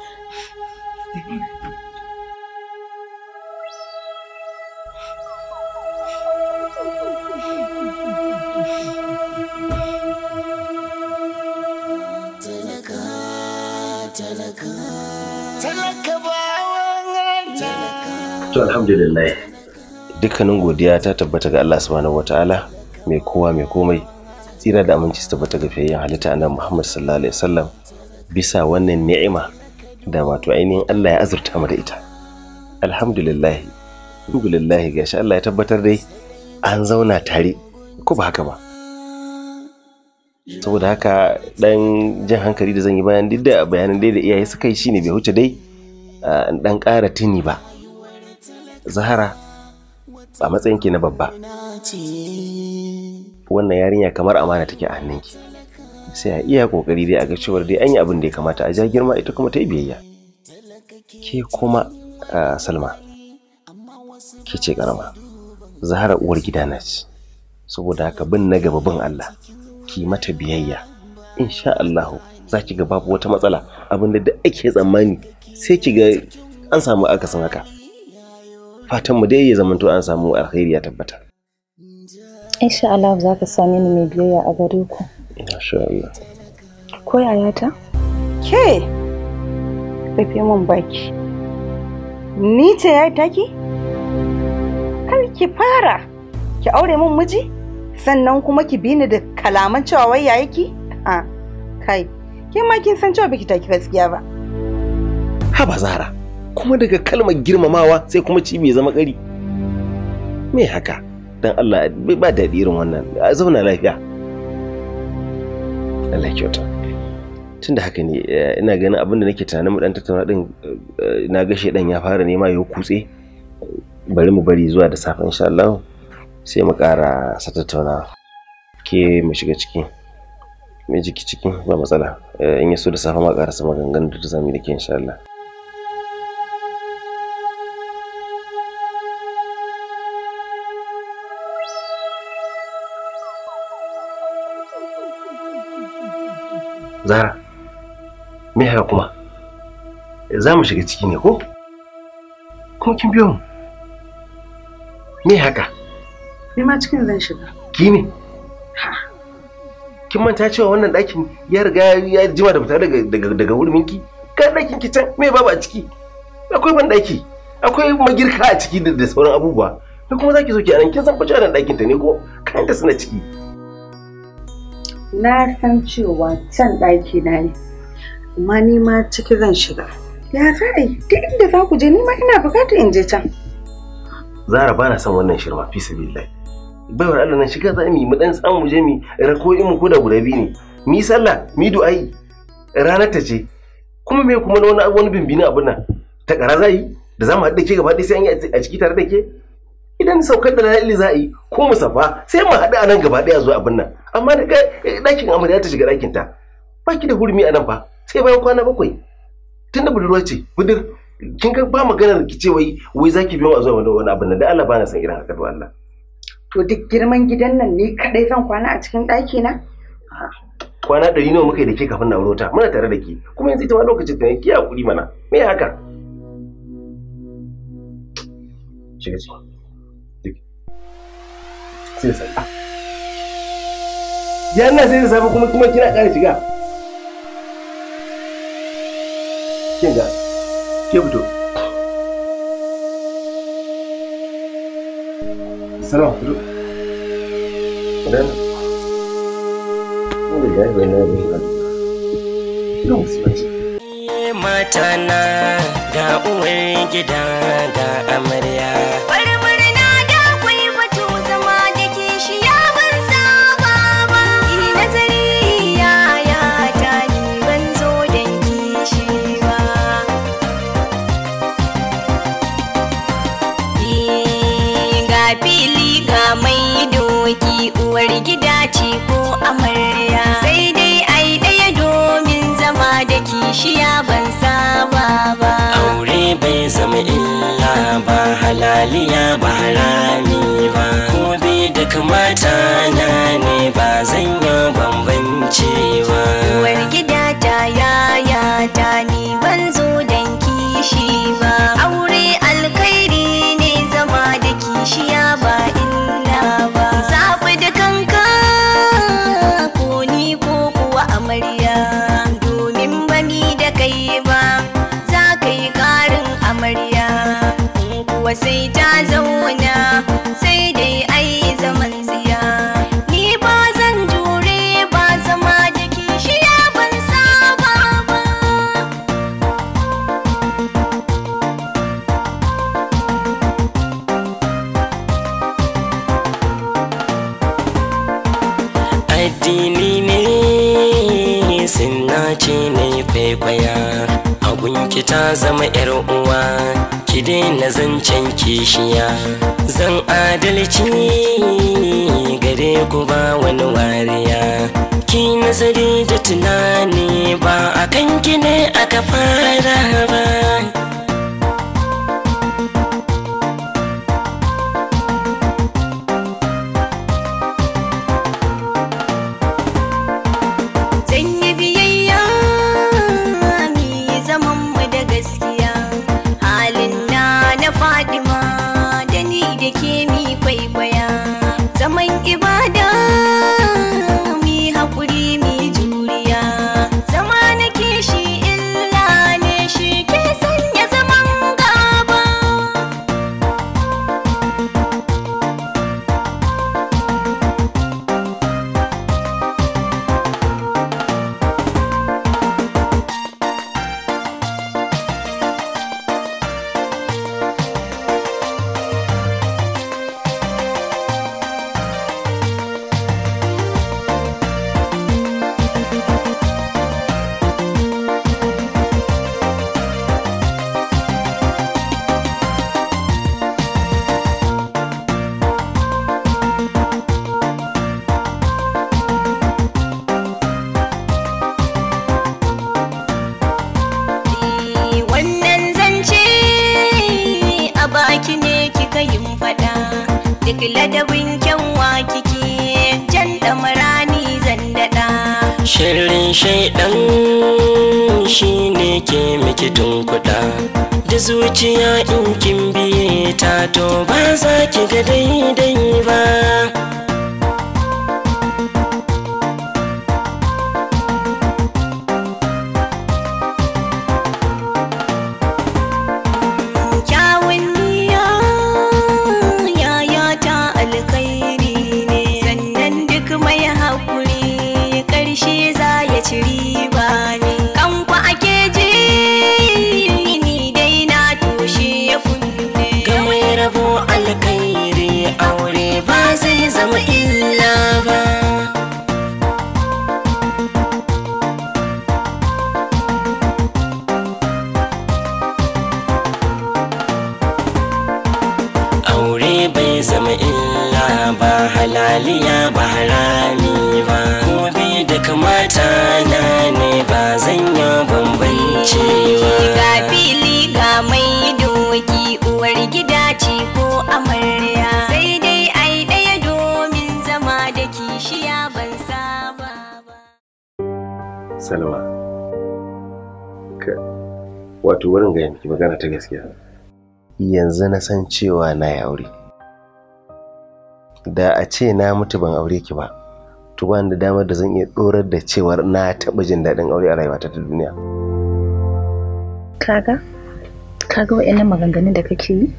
alhamdulillah dukkanin godiya ta tabbata ga Allah subhanahu wataala mai kowa mai komai tsira da aminci su tabbata ga fayyan halitta nan Muhammad sallallahu alaihi wasallam bisa wannan ni'ima da wato ainihin Allah ya azurta mu da ita alhamdulillah alhamdulillah gashi Allah ya tabbatar dai an zauna tare ko ba haka ba saboda haka dan jan hankali da zan yi bayan da bayanan dai da iyaye suka yi shine bai huce dai dan ah, ƙara tuni ba zahara a matsayin ki na babba wannan yarinya kamar amana take a hannunki sai a iya kokari dai a ga cewa dai an yi abin da ya kamata a ja girma ita kuma ta yi biyayya ke kuma salma ke ce karama zahara uwar gida na ce saboda haka bin na gaba bin allah ki mata biyayya insha allahu za ki ga babu wata matsala abin da ake tsammani sai ki ga an samu akasin haka fatan mu dai ya zamanto an samu alkhairi ya tabbata insha Allah za ka sami ni mai biyayya a gare ku insha Allah ko yayata ke rufe mun baki ni ce yayi taki kar ki fara ki aure mun miji sannan kuma ki bini da kalaman cewa wai yayi ki a kai ke ma kin san cewa biki taki gaskiya ba ha ba zara kuma daga kalmar girmamawa sai kuma ci ya zama ƙari me haka dan Allah bai ba daɗi irin wannan a zauna lafiya Allah kyauta tun da haka ne eh, ina ganin abinda da nake tunanin dan tattauna din eh, na gashe dan ya fara nema ya kutse bari mu bari zuwa da safe insha Allah sai mu ƙara satattauna ke mu shiga ciki mai jiki ciki ba matsala eh, in ya so da safe ma ƙarasa maganganun da ta sami da ke insha Allah zara me haka kuma za mu shiga ciki ne ko kuma kin biyo mu me haka ni ma cikin zan shiga ki ne kin manta cewa wannan ɗakin ya riga ya jima da fita daga daga daga wurin ki ka ɗakin ki can me babu a ciki akwai ban ɗaki akwai magirka a ciki da sauran abubuwa da kuma zaki zo ki anan kin san fa cewa ɗakin ta ne ko kayan ta suna ciki na san cewa can ɗaki na ne amma ni ma ciki zan shiga ya za a yi duk inda za ku je ni ma ina bukatar in je can zara ba na son wannan shirma fi sabilillahi baiwar Allah nan shiga za mu yi mu dan tsamu je mu rako in mu koda guda biyu ne mi sallah mi du'ai ranar ta ce kuma me kuma wani wani bimbini abin nan ta kara za yi da za mu haɗe ke gaba ɗaya sai an yi a ciki tare da ke idan saukar da lalili za a yi ko musafa sai mu haɗu a nan gaba ɗaya zuwa abin nan amma daga eh, ɗakin amarya ta shiga ɗakin ta ba ki da hurumi a nan ba sai bayan kwana bakwai tun da budurwa ce budur kin ga ba da ki ce wai wai zaki biyo a zuwa wani wani abin nan da Allah bana san irin haka to Allah to duk girman gidan nan ne kadai zan kwana a cikin ɗaki na kwana ɗari nawa muka yi da ke kafin na wurota muna tare da ke kuma yanzu ita ma lokacin da ki hakuri mana me haka shiga ciki sai da safa ya na sai da kuma kuma kina ƙara shiga kin ga ke fito fito da ya ina musulunci ga uwar gida ga amarya fili ga mai doki uwar gida ce ko amarya sai dai ai ɗaya domin zama da kishiya ban saba ba aure bai zama illa ba halaliya ba harami ba ko bai da kamata na ne ba zan yi bambance ba uwar gida ta yaya ta ni ban zo dan kishi ba aure alkhairi ne zama da kishiya say ta kine aka fara wato wurin ga yanki magana ta gaskiya yanzu na san cewa na yi aure da a ce na mutu ban aure ki ba to ba da damar da zan iya dorar da cewar na taɓa jin daɗin aure a rayuwata ta duniya kaga kaga wa'annan maganganun da kake yi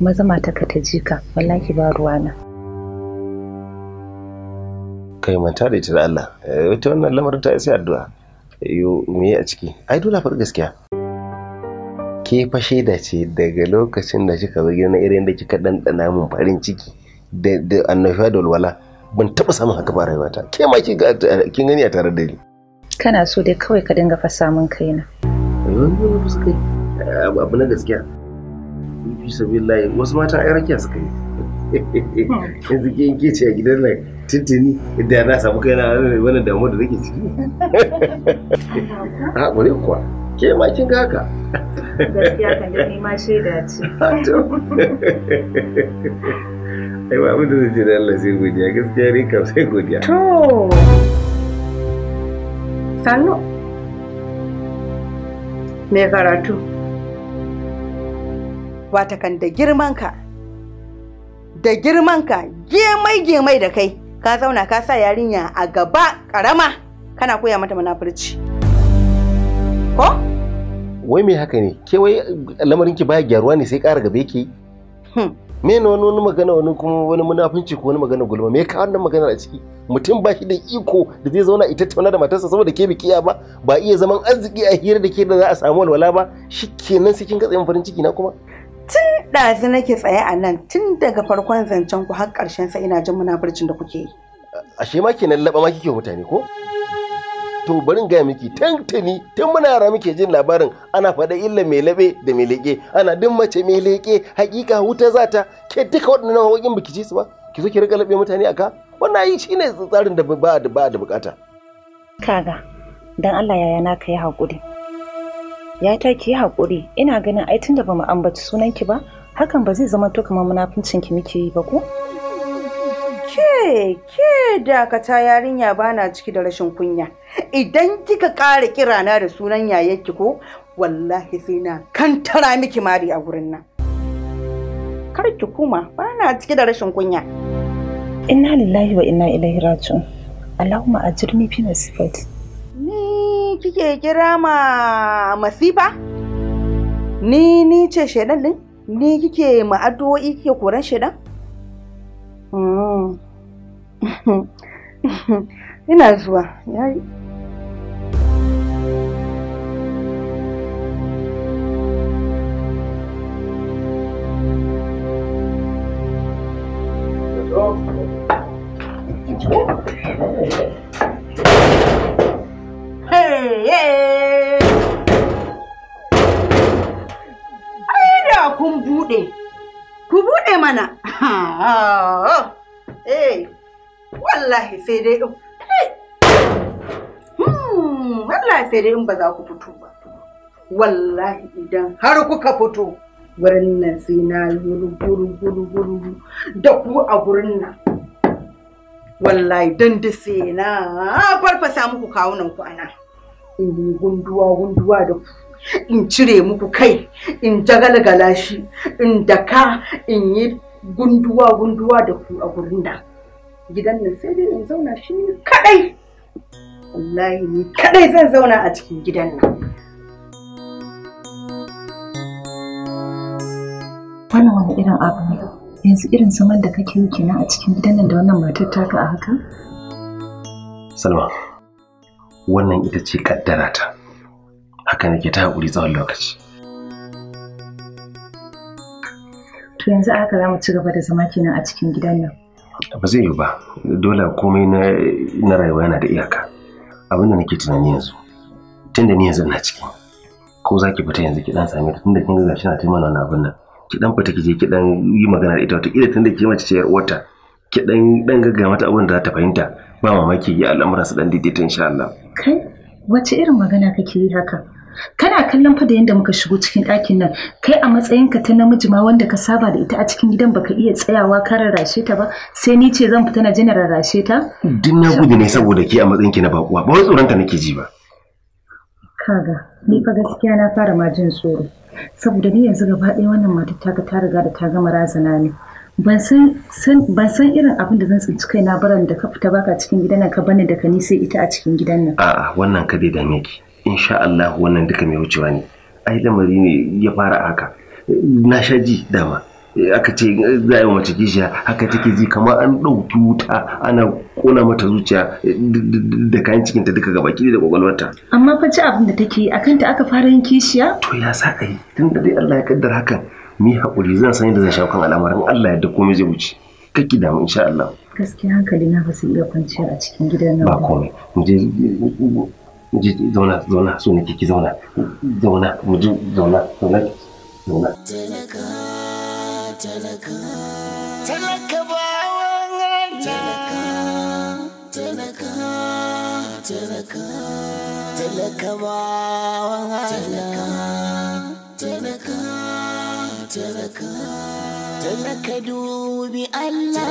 maza mata ka ta jika wallahi ba ruwana kai manta da ita da Allah wata eh, wannan lamarin ta sai addu'a yo me a ciki ai dole faɗi gaskiya ke fashe shaida ce daga lokacin da kika zo gidan irin da kika dandana mun farin ciki da da annafiya da walwala ban taba samun haka ba rayuwata ke ma kin gani a tare da ni kana so dai kawai ka dinga fasa min kaina abu na gaskiya fi sabillahi wasu mata ai rakiya suka yi hmm. yanzu ke ke ce a gidan nan tintini da na samu kaina wannan damuwa da nake ciki [laughs] a bari kuwa ke ma kin ga haka gaskiya kan da ma shaida ce [laughs] ah, ai ba abin da zai da Allah sai godiya gaskiya ne kam sai godiya to sannu mai karatu kan da ka da girmanka gemai-gemai da kai ka zauna ka sa yarinya a gaba karama kana koya mata manafurci ko? wai me haka ne ke wai lamarin ki baya gyaruwa ne sai kara gaba yake hmm. me ne wani magana wani kuma wani munafunci ko wani magana gulma me ka wannan magana a ciki mutum ba shi da iko da zai zauna ita tauna da matarsa saboda ke bikiya ba ba iya zaman arziki a hira da ke da za a samu walwala ba shikenan sai kin ga tsayin farin ciki na kuma tun ɗazu nake tsaye a nan tun daga farkon zancen ku har ƙarshen sa ina jin munafurcin da kuke yi ashe ma kenan laba ma kike mutane ko to barin gaya miki tantani tun muna yara muke jin labarin ana faɗa illa mai laɓe da mai leƙe ana duk mace mai leƙe hakika wuta za ta ke duka waɗannan hawaƙin biki su ba ki zo ki riga laɓe mutane aka wannan yi shine tsarin da ba da ba da bukata kaga dan Allah yaya na kai hakuri ya ta ki hakuri ina ganin ai tunda ba mu ambaci ki ba hakan ba zai zama to kamar munafincin ki muke yi ba ko Ke, ke dakata yarinya bana ciki da rashin kunya. Idan kika ƙara kirana da sunan yayyaki ko wallahi sai na kantara miki mari a gurin nan. Kar ki kuma bana ciki da rashin kunya. Inna lillahi wa inna ilaihi raji'un. Allahumma ajirni fi masifat Ni kike kira ma masifa? Ni ni ce shedan din? Ni kike ma addu'o'i kike koran shedan? Mm. [laughs] ina zuwa yayi Ai da kun bude, ku bude mana. Eh, [laughs] wallahi sai dai in. Hmm, wallahi sai dai in ba za ku fito ba. Wallahi idan har kuka fito wurin nan sai na yi guru da ku a gurin nan. Wallahi don da sai na farfasa muku kawunan ku a nan. In yi gunduwa-gunduwa da ku. in cire muku kai in jagalgala shi in daka in yi gunduwa gunduwa da ku a gurin da. gidan nan sai dai in zauna shi ni kadai wallahi ni kadai zan zauna a cikin gidan nan wannan wani irin abu ne yanzu irin zaman da kake yi kenan a cikin gidan nan da wannan matar taka a haka salma wannan ita ce kaddara ta haka nake ta haƙuri tsawon lokaci To yanzu aka za mu ci gaba da zama kenan a cikin gidan nan. Ba zai yiwu ba, dole komai na rayuwa yana da iyaka. Abin da nake tunani yanzu, tunda ni yanzu ina ciki. Ko za ki fita yanzu ki dan same ta tunda kin ga gashi na taimaka wannan abin nan. Ki dan fita ki je ki dan yi magana da ita wata kila tunda ki mace ce yar uwarta. Ki dan dan gaggawa mata abin da za ta fahimta. Ba mamaki yi al'amuran su dan daidaita insha Allah. Kai wace irin magana kake yi haka? kana kallon fa da yadda muka shigo cikin ɗakin nan kai a matsayinka ta namiji ma wanda ka saba da ita a cikin gidan baka iya tsayawa ka rarrashe ta ba sai ni ce zan fita na jina na rarrashe ta duk na gudu ne saboda ke a matsayin ki na bakuwa ba wai tsoronta nake ji ba kaga ni fa gaskiya na fara ma jin tsoro saboda ni yanzu gaba ɗaya wannan matar ta ta riga da ta gama razana ne ban san irin abin da zan tsinci kai na baran da ka fita baka cikin gidan nan ka bani da ka ni sai ita a cikin gidan nan a'a wannan ka dai dame ki insha Allah wannan duka mai wucewa ne ai lamari ne ya fara haka na sha ji dama aka ce za a yi mace kishiya haka take ji kamar an ɗauki wuta ana kona mata zuciya da kayan cikinta duka gaba ki da kwakwalwarta. amma fa ci abin da take yi akan ta aka fara yin kishiya to ya sa kai tun da dai Allah ya kaddara hakan mi haƙuri zan san yadda zan shawo kan al'amarin Allah yadda komai zai wuce kake mu insha Allah gaskiya hankali na ba su iya kwanciya a cikin gidan nan ba komai mu je ji zauna zauna so nake ki zauna zauna mu ji zauna dubi Allah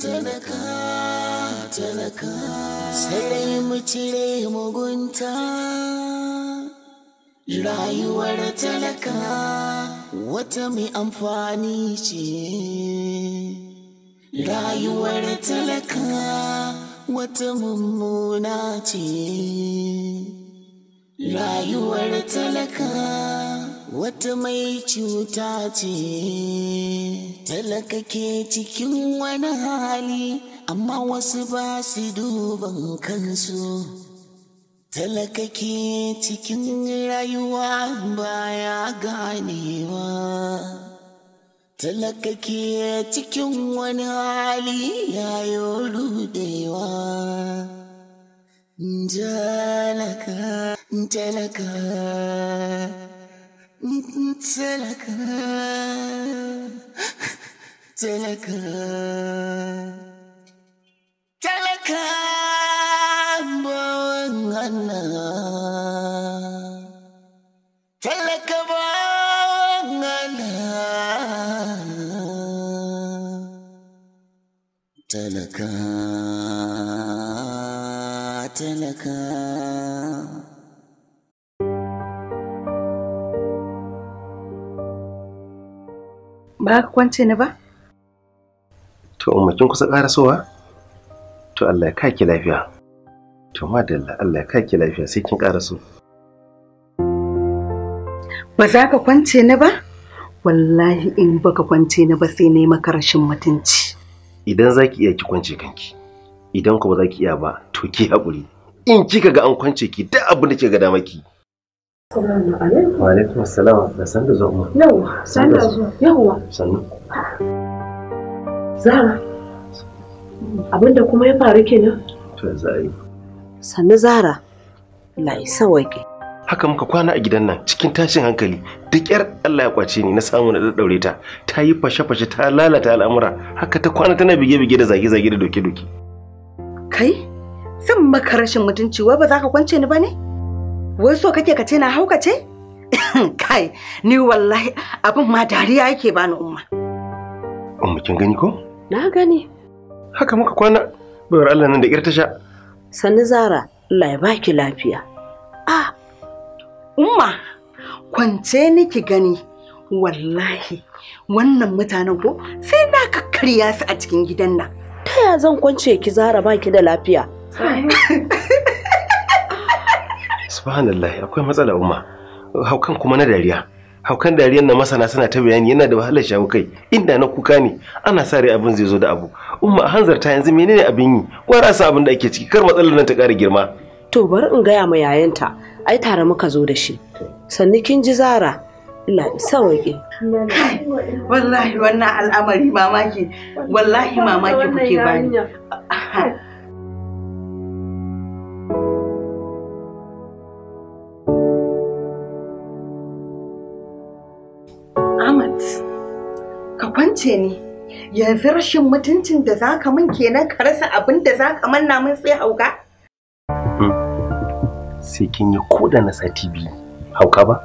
talaka talaka sai mu cire mugunta rayuwar talaka wata mai amfani ce rayuwar talaka wata mummuna ce rayuwar talaka wata mai cuta ce talaka ke cikin wani hali amma wasu ba su duban kansu talakaki cikin rayuwa baya ganewa talakaki cikin wani hali yayo rudewa jalaka talaka talaka maka bawan Allah talaka bawan Allah talaka talaka ba ka kwance ni ba? To, umarkin kusa ƙara ƙarasowa? to Allah ya kaki lafiya to madalla Allah ya kaki lafiya sai kin ƙara so ba za ka kwance ni ba wallahi in ba ka kwance ni ba sai ne maka rashin mutunci idan za ki iya ki kwance kanki idan kuma za ki iya ba to ki haƙuri in kika ga an kwance ki duk abin da ke ga dama ki Wa alaikum assalam. Da san da zo mu. Yawwa, san da zo. Yawwa. Sannu. Zara. abinda kuma ya faru kenan to zai sannu zara lai haka muka kwana a gidan nan cikin tashin hankali duk yar Allah ya kwace ni na samu na daddaure ta ta yi fashe-fashe ta lalata al'amura haka ta kwana tana bige-bige da zage-zage da doke-doke kai san maka rashin mutunci wai ba za ka kwance ni ba ne wai so kake ka ce na hauka ce [coughs] kai ni wallahi abin ma dariya yake bani umma umma kin gani ko na gani haka muka kwana bayar Allah nan da ƙyar ta sha Sani zara Allah ya baki lafiya ah umma kwance niki gani wallahi wannan mutanen ko sai na kakkarya su a cikin gidan nan ta ya zan kwance ki zara baki da lafiya [laughs] subhanallah akwai matsala umma haukan kuma na dariya haukan dariyar na masana suna ta bayani yana da wahalar shawo kai inda na kuka ne ana sa rai abin zai zo da abu umma a hanzarta yanzu menene abin yi kwara sa abin da ake ciki kar matsalar nan ta ƙara girma to bari in gaya ma yayanta ai tare muka zo da shi sannu kin ji zara sa sawaƙe. Wallahi wannan al'amari mamaki, wallahi mamaki kuke bani. kwance ne yanzu rashin mutuncin da za ka min kenan ka rasa abin da za ka manna min sai hauka? Mm-hmm. sai kin yi koda na sati biyu hauka ba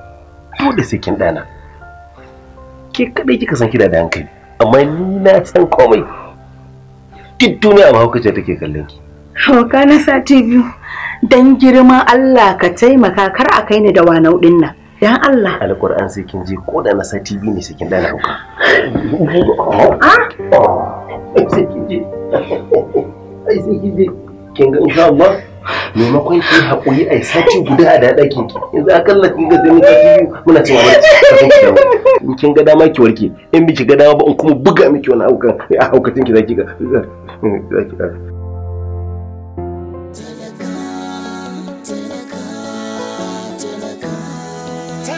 dole sai kin dana ke kadai kika san kida da hankali amma ni na san komai duk duniya ma hauka ce take kallon ki hauka na sati biyu dan girma Allah ka taimaka kar a kai ni da wanau din nan ya Allah Al-Qur'an sai kin je ko da na sati biyu ne sai kin dana hauka Ah? sai kin je sai kin je kin ga insha Allah maimakon haƙuri ai sati guda a da ɗakin ki yanzu akalla kin ga sai muka biyu muna cewa in kin ga dama ki warke in biki ga dama ba in kuma buga miki wani